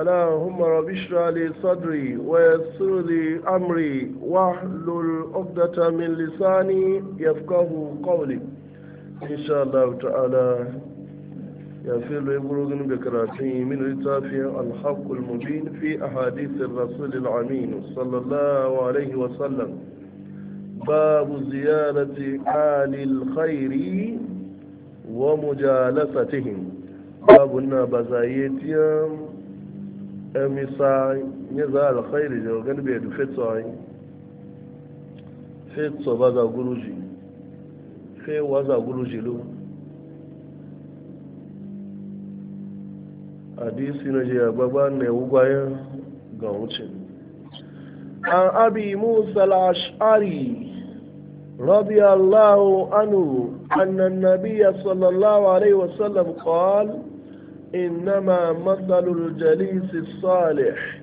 اللهم رب اشرح لي صدري ويسر لي امري واحلل عقدة من لساني يفقه قولي ان شاء الله تعالى يا فيلو يبرغن بكراتي من رتافي الحق المبين في احاديث الرسول الامين صلى الله عليه وسلم باب زيارة آل الخير ومجالستهم بابنا بزايتهم emisa ne za alkhairi da gani bai da fetso ai fetso ba za guruji fewa za guruji lu hadisi na je gbagba na ewugwayen ga wuce an abi musa al-ash'ari رضي الله عنه أن النبي صلى الله عليه وسلم قال إنما مثل الجليس الصالح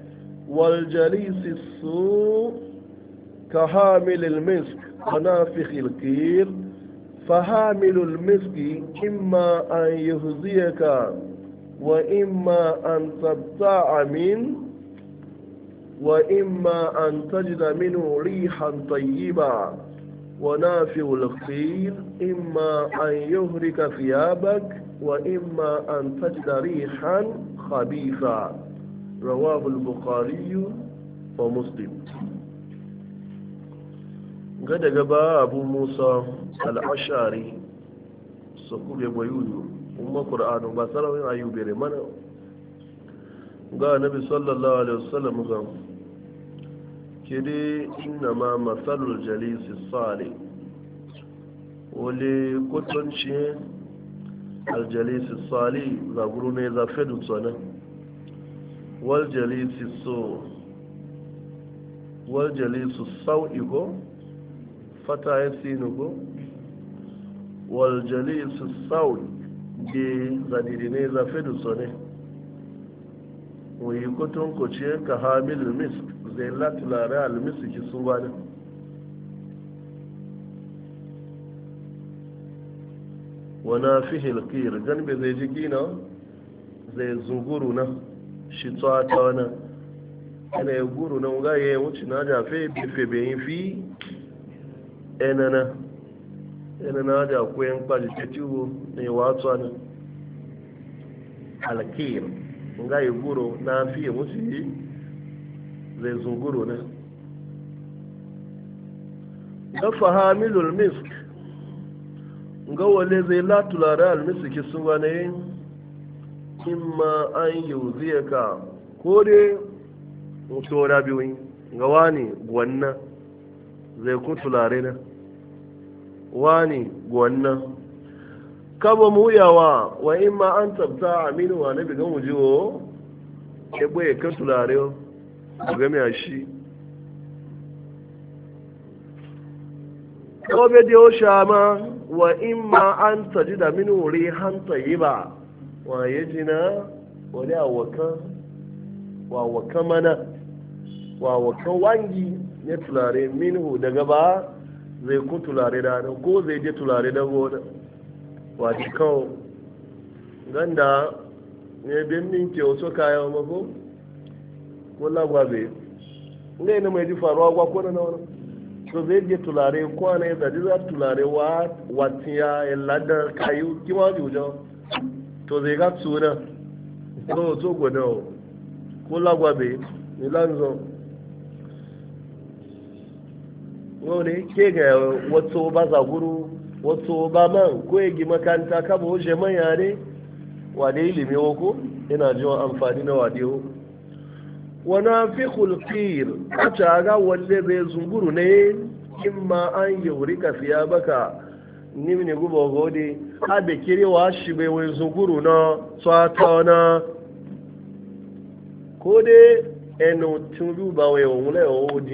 والجليس السوء كحامل المسك ونافخ الكير فحامل المسك إما أن يهزيك وإما أن تبتاع منه وإما أن تجد منه ريحا طيبا ونافع الغفير إما أن يهرك ثيابك وإما أن تجد ريحا خبيثا رواه البخاري ومسلم قد قبا أبو موسى العشاري سكول بيويو أم قرآن بسرعين أيوبير منه قال النبي صلى الله عليه وسلم قال kede inna ma matsalul jalisi sale wale kwatanci aljalisi sale zaguru ne zafe dutsana waljalisi so waljalisu sau ko fata ya sinu ko waljalisu sau ke zadiri ne zafe dutsane wuyi kwatanci ka hamilu miski? zai latulare almisu ki su ba wana fi hilkir ganbe zai ji gina zai zunguru na shi tsata wana yana ya guru na wuga ya wuce na jafe bife bayan fi enana enana da kuyen kwaji ta tiwo ne watsa na alkir Nga ya guru na fi ya gi. zai zunguru ne na fahamilul misk ga wale zai latulare almisiki su wane ma an yi ka ko dai mutuwa biyu ga wani gwanna zai kun tulare na wani gwanna kaba mu yawa wa ma an tabta aminu wa na bigan wujiwo ya bai ka tulare game a shi kobe da yau shama wa in ma an taji da min wuri hanta yi ba wa ya na wani awaka mana wawakan wangi ya tulare hu daga ba zai ku tulare da nan ko zai je tulare da gona wa kawo ganda ne bin ninke wasu kayan mako ko lagwa bai ngai na mai ji faruwa gwa ko na wani to zai je tulare ko na ya zaji za tulare wa watiya ya lada kayu kima jujo to zai ga tsuna to so gwada ko lagwa bai ni lanzo wani ke ga wato ba za zaguru wato ba man ko ya gi makanta kaba hoje man yare wa da ilimi ko ina jiwa amfani na wadewo wanafikhul qir a ga walle bai zunguru ne ma an yurika baka nimne gubo gode abe kire wa shi bai zunguru na tsata na kode enu tunu ba we o mule